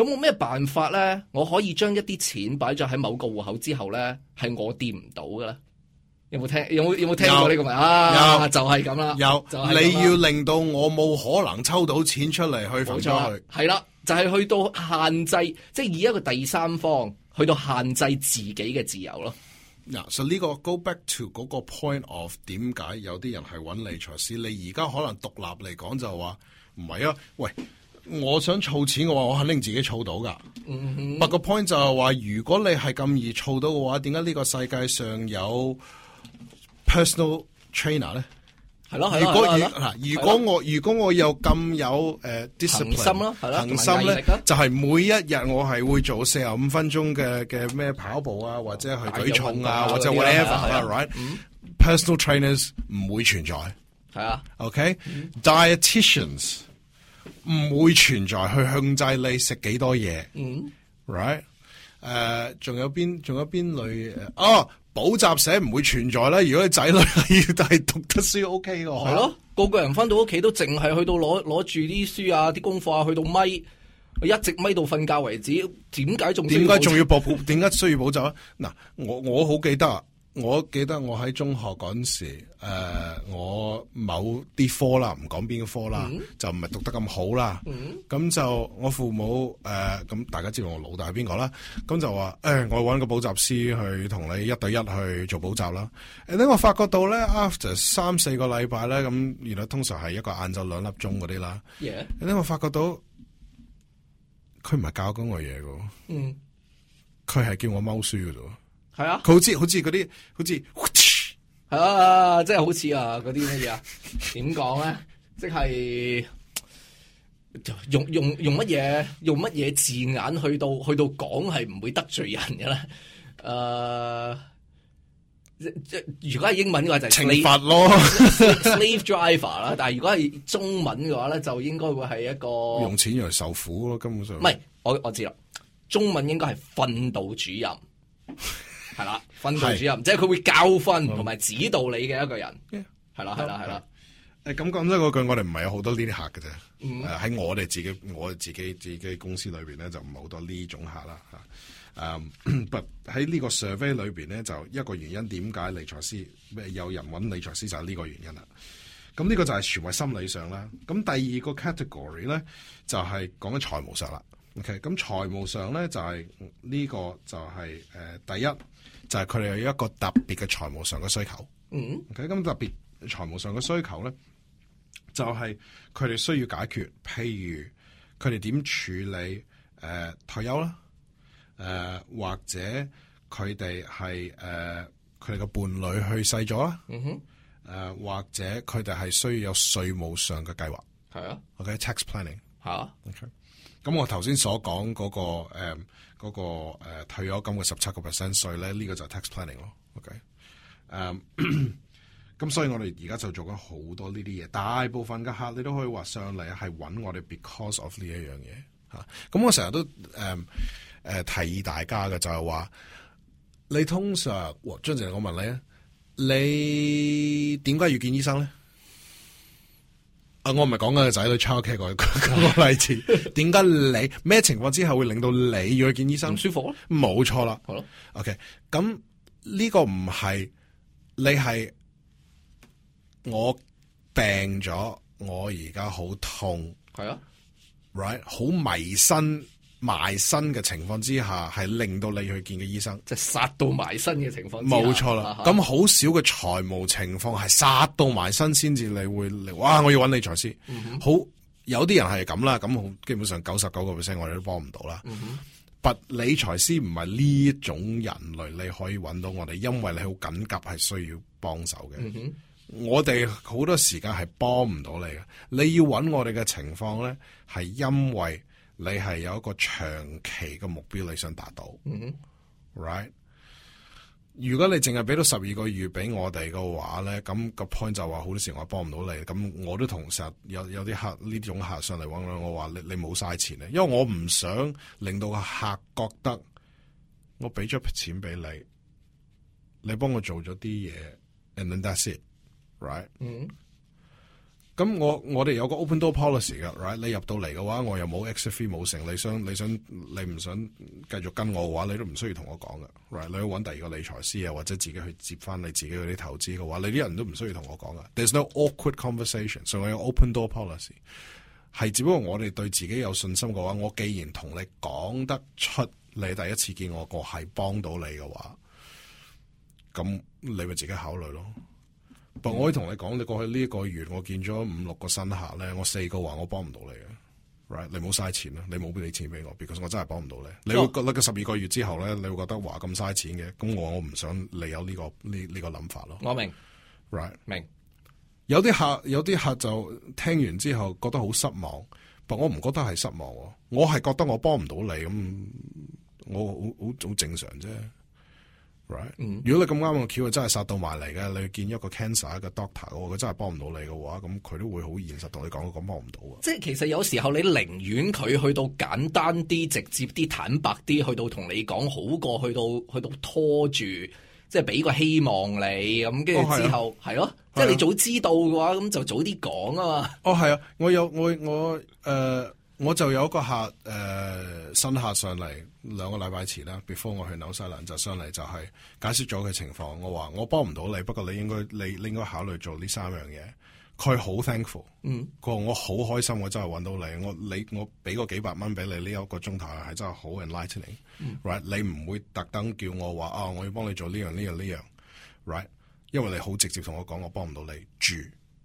有冇咩辦法咧？我可以將一啲錢擺咗喺某個戶口之後咧，係我掂唔到嘅咧？有冇聽？有冇有冇聽過呢個咪啊？有就係咁啦。有，你要令到我冇可能抽到錢出嚟去，去。冇錯，係啦，就係、是、去到限制，即、就、係、是、以一個第三方去到限制自己嘅自由咯。嗱，所以呢個 go back to 嗰個 point of 點解有啲人係揾理財師？Mm hmm. 你而家可能獨立嚟講就話唔係啊？喂！我想儲錢嘅話，我肯定自己儲到㗎。不過個 point 就係話，如果你係咁易儲到嘅話，點解呢個世界上有 personal trainer 咧？係咯係咯。嗱，如果我如果我有咁有誒 discipline，恆心咯，恆心咧，就係每一日我係會做四十五分鐘嘅嘅咩跑步啊，或者去舉重啊，或者 whatever，right？personal trainers 唔會存在。係啊。OK，dieticians。唔會存在，去控制你食幾多嘢，嗯，right？誒，uh，仲有邊仲有邊類哦，ah，補習社唔會存在啦。如果你仔女要但係讀得書，OK 嘅，係咯。個個人翻到屋企都淨係去到攞攞住啲書啊，啲功課啊，去到咪，一直咪到瞓覺為止。點解仲點解仲要補點解需要補習啊？嗱， 我我好記得啊。我記得我喺中學嗰陣時，誒、呃，我某啲科啦，唔講邊個科啦，嗯、就唔係讀得咁好啦。咁、嗯、就我父母誒，咁、呃、大家知道我老大係邊個啦？咁就話誒、欸，我搵個補習師去同你一對一去做補習啦。誒，等我發覺到咧，after 三四個禮拜咧，咁原來通常係一個晏晝兩粒鐘嗰啲啦。誒、嗯，等我發覺到佢唔係教緊我嘢噶，嗯，佢係叫我踎書噶啫。係啊，佢、嗯、好似好似嗰啲，好似係 啊，即係好似啊嗰啲乜嘢啊？點講咧？即係用用用乜嘢？用乜嘢字眼去到去到講係唔會得罪人嘅啦？誒、呃，即係如果係英文嘅話就懲罰 sl 咯 ，slave driver 啦。但係如果係中文嘅話咧，就應該會係一個用錢嚟受苦咯。根本上唔係，我我知啦。中文應該係訓導主任。 係啦，分組主任的即係佢會教訓同埋指導你嘅一個人，係啦係啦係啦。誒咁講真嗰句，我哋唔係有好多呢啲客嘅啫。誒喺、嗯、我哋自己，我自己自己公司裏邊咧，就冇好多呢種客啦吓。誒、啊、喺 呢個 survey 裏邊咧，就一個原因點解理財師咩有人揾理財師就係呢個原因啦。咁呢個就係全為心理上啦。咁第二個 category 咧就係講緊財務上啦。OK，咁、啊、財務上咧就係、是、呢個就係、是、誒、呃、第一。第一第一就係佢哋有一個特別嘅財務上嘅需求。嗯，OK，咁特別財務上嘅需求咧，就係佢哋需要解決，譬如佢哋點處理誒、呃、退休啦，誒、呃、或者佢哋係誒佢哋嘅伴侶去世咗啦。嗯哼、mm，誒、hmm. 呃、或者佢哋係需要有稅務上嘅計劃。係啊，OK，tax planning。吓，OK、那個。咁我頭先所講嗰個誒。嗰、那個、呃、退休金嘅十七個 percent 稅咧，呢、這個就係 tax planning 咯、okay? um,。OK， 誒，咁所以我哋而家就做咗好多呢啲嘢，大部分嘅客你都可以話上嚟係揾我哋，because of 呢一樣嘢嚇。咁我成日都誒誒、嗯呃、提議大家嘅就係、是、話，你通常張正、哦，我問你啊，你點解要見醫生咧？啊！我唔係講緊個仔女抽血嗰個例子，點解 你咩情況之下會令到你要去見醫生舒服咧？冇錯啦，好啦了，OK。咁呢個唔係你係我病咗，我而家好痛，係啊，Right 好迷身。埋身嘅情況之下，係令到你去見嘅醫生，即係殺到埋身嘅情況。冇錯啦，咁好 少嘅財務情況係殺到埋身先至，你會哇，我要揾理財師。嗯、哼好有啲人係咁啦，咁基本上九十九個 percent 我哋都幫唔到啦。嗯、哼理財 But 理財師唔係呢一種人類，你可以揾到我哋，因為你好緊急係需要幫手嘅。嗯、哼我哋好多時間係幫唔到你嘅，你要揾我哋嘅情況咧，係因為。你係有一個長期嘅目標，你想達到、mm hmm.，right？如果你淨係俾到十二個月俾我哋嘅話咧，咁、個 point 就話好多時我幫唔到你，咁我都同成日有有啲客呢種客上嚟揾我，我話你你冇嘥錢咧，因為我唔想令到個客覺得我俾咗錢俾你，你幫我做咗啲嘢，and that's it，right？、Mm hmm. 咁我我哋有個 open door policy 噶，right？你入到嚟嘅話，我又冇 x fee 冇成，你想你想你唔想繼續跟我嘅話，你都唔需要同我講噶，right？你去搵第二個理財師啊，或者自己去接翻你自己嗰啲投資嘅話，你啲人都唔需要同我講噶。There's no awkward conversation，所以我有 open door policy。係只不過我哋對自己有信心嘅話，我既然同你講得出，你第一次見我個係幫到你嘅話，咁你咪自己考慮咯。我可以同你講，你過去呢一個月，我見咗五六個新客咧，我四個話我幫唔到你嘅，right？你冇嘥錢咯，你冇俾你錢俾我，because 我真係幫唔到你。你會覺得十二個月之後咧，你會覺得話咁嘥錢嘅，咁我我唔想你有呢個呢呢個諗法咯。Right? 我明，right？明有。有啲客有啲客就聽完之後覺得好失望，但我唔覺得係失望，我係覺得我幫唔到你咁，我好好好正常啫。Right? 嗯，如果你咁啱個竅真係殺到埋嚟嘅，你見一個 cancer 一個 doctor 佢真係幫唔到你嘅話，咁佢都會好現實同你講，佢講幫唔到嘅。即係其實有時候你寧願佢去到簡單啲、直接啲、坦白啲，去到同你講好過去到去到拖住，即係俾個希望你咁。跟住之後係咯，即係你早知道嘅話，咁就早啲講啊嘛。哦，係啊，我有我我誒。我呃我就有一個客，誒、呃、新客上嚟兩個禮拜前啦，Before 我去紐西蘭就上嚟，就係、是、解釋咗佢情況。我話我幫唔到你，不過你應該你你應該考慮做呢三樣嘢。佢好 thankful，嗯，佢話我好開心，我真係揾到你。我你我俾個幾百蚊俾你，呢一個鐘頭係真係好 enlightening，right？、嗯、你唔會特登叫我話啊，我要幫你做呢樣呢樣呢樣，right？因為你好直接同我講，我幫唔到你。住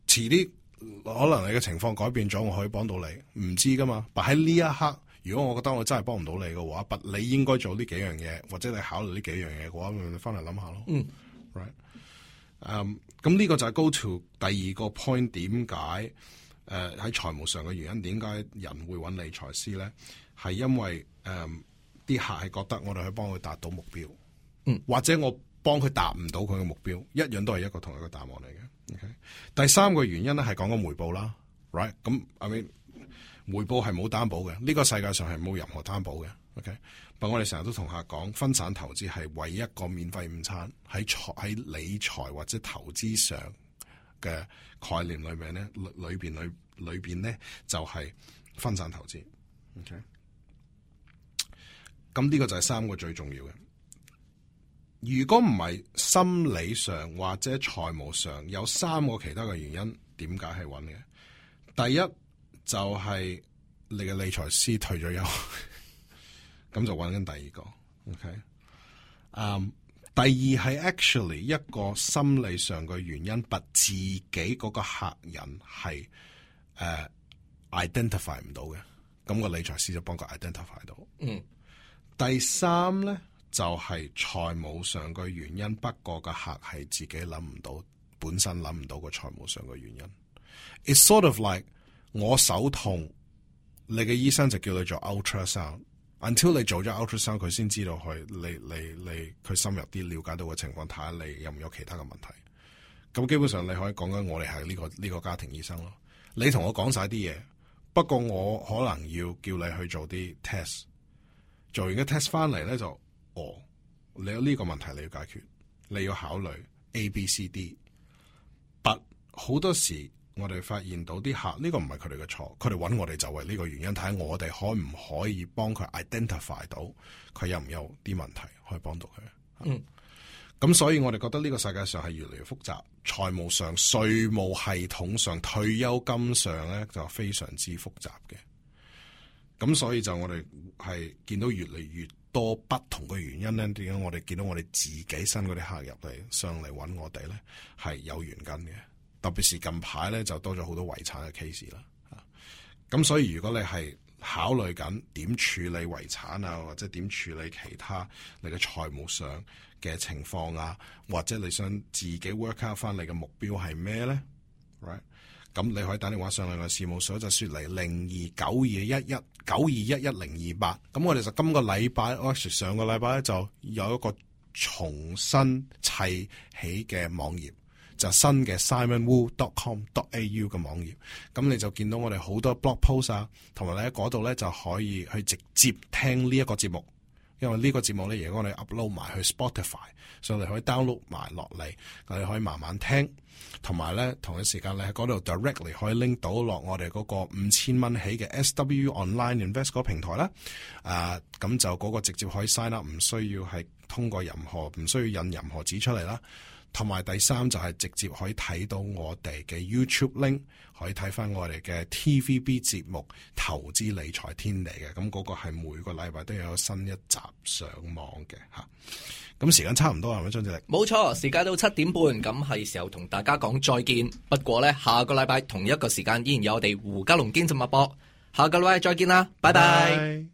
遲啲。可能你嘅情況改變咗，我可以幫到你，唔知㗎嘛。但喺呢一刻，如果我覺得我真係幫唔到你嘅話，不你應該做呢幾樣嘢，或者你考慮呢幾樣嘢嘅話，你翻嚟諗下咯。嗯，right，咁、um, 呢個就係 go to 第二個 point，點解誒喺財務上嘅原因，點解人會揾理財師咧？係因為誒啲、um, 客係覺得我哋去幫佢達到目標，嗯、或者我幫佢達唔到佢嘅目標，一樣都係一個同一個答案嚟嘅。Okay. 第三個原因咧係講個回報啦，right？咁我哋回報係冇擔保嘅，呢個世界上係冇任何擔保嘅。OK，但我哋成日都同客講分散投資係唯一個免費午餐喺財喺理財或者投資上嘅概念裏面咧，裏裏邊裏裏邊咧就係分散投資。OK，咁呢個就係三個最重要嘅。如果唔係心理上或者財務上有三個其他嘅原因，點解係揾嘅？第一就係、是、你嘅理財師退咗休，咁 就揾緊第二個。OK，嗯、um,，第二係 actually 一個心理上嘅原因，但自己嗰個客人係誒、uh, identify 唔到嘅，咁、那個理財師就幫佢 identify 到。嗯，第三咧。就係財務上嘅原因，不過個客係自己諗唔到，本身諗唔到個財務上嘅原因。It's sort of like 我手痛，你嘅醫生就叫你做 ultrasound，until 你做咗 ultrasound 佢先知道去你、你、你佢深入啲了解到嘅情況，睇下，你有唔有其他嘅問題？咁基本上你可以講緊我哋係呢個呢個家庭醫生咯。你同我講晒啲嘢，不過我可能要叫你去做啲 test，做完嘅 test 翻嚟咧就。哦，你有呢個問題，你要解決，你要考慮 A、B、C、D，but，好多時我哋發現到啲客呢個唔係佢哋嘅錯，佢哋搵我哋就為呢個原因，睇下我哋可唔可以幫佢 identify 到佢有唔有啲問題，可以幫到佢。嗯，咁所以我哋覺得呢個世界上係越嚟越複雜，財務上、稅務系統上、退休金上咧就非常之複雜嘅。咁所以就我哋係見到越嚟越多不同嘅原因咧，點解我哋見到我哋自己新嗰啲客入嚟上嚟搵我哋咧，係有原因嘅。特別是近排咧，就多咗好多遺產嘅 case 啦、啊。咁所以如果你係考慮緊點處理遺產啊，或者點處理其他你嘅財務上嘅情況啊，或者你想自己 work out 翻你嘅目標係咩咧？Right？咁你可以打電話上嚟我哋事務所就說嚟零二九二一一九二一一零二八，咁我哋就今個禮拜，actually 上個禮拜咧就有一個重新砌起嘅網頁，就是、新嘅 simonwu.com.au 嘅網頁，咁你就見到我哋好多 blog post 啊，同埋咧喺嗰度咧就可以去直接聽呢一個節目。因為呢個節目咧，如果我哋 upload 埋去 Spotify，所以你可以 download 埋落嚟，你可以慢慢聽。同埋咧，同一時間你喺嗰度 directly 可以拎到落我哋嗰個五千蚊起嘅 SW Online Invest 嗰個平台啦。啊，咁就嗰個直接可以 sign up，唔需要係通過任何，唔需要印任何紙出嚟啦。同埋第三就係直接可以睇到我哋嘅 YouTube link，可以睇翻我哋嘅 TVB 節目《投資理財天地》嘅，咁嗰個係每個禮拜都有一新一集上網嘅吓。咁時間差唔多啦，係咪張志力，冇錯，時間到七點半，咁係時候同大家講再見。不過呢，下個禮拜同一個時間依然有我哋胡家龍經濟脈搏，下個禮拜再見啦，拜拜。